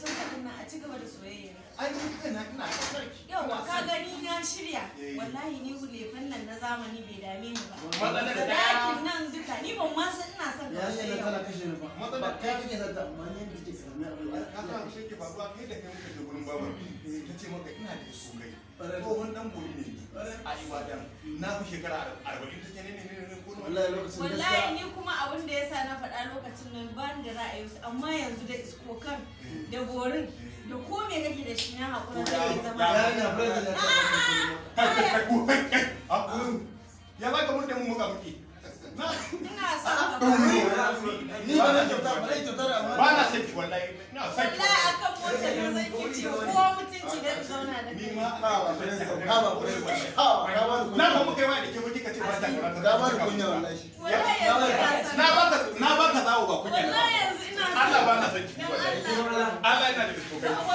son kaɗin nan a ci gaba da soyayya. Ai ni ina Yawa ka gani na shirya. Wallahi ni hulefan nan na zamani bai dame ni ba. Matsalar da nan duka ni ban ma san ina son ka soyayya. Ya ne kana kashe ni ba. Matsalar kike zanta amma ni kike sami abin da ka san kai da kai muke da gurin eh, ce maka ina da su kai. dan ne. A Ibadan na fi shekara take ne ne ne ko Wallahi ni kuma abin da yasa na faɗa sunan ban da ra'ayinsu amma yanzu da iskokan da borin da ko kake da shi na haƙura da ya zama ya ba ka muka muke ina ka ba ni ba na kyauta ba kyauta da ba na ki wallahi ki zan ki ko mutunci da zauna da ni ma ha ba ba ba ba ba ba ba Allah ba na san ki Allah yana da kokari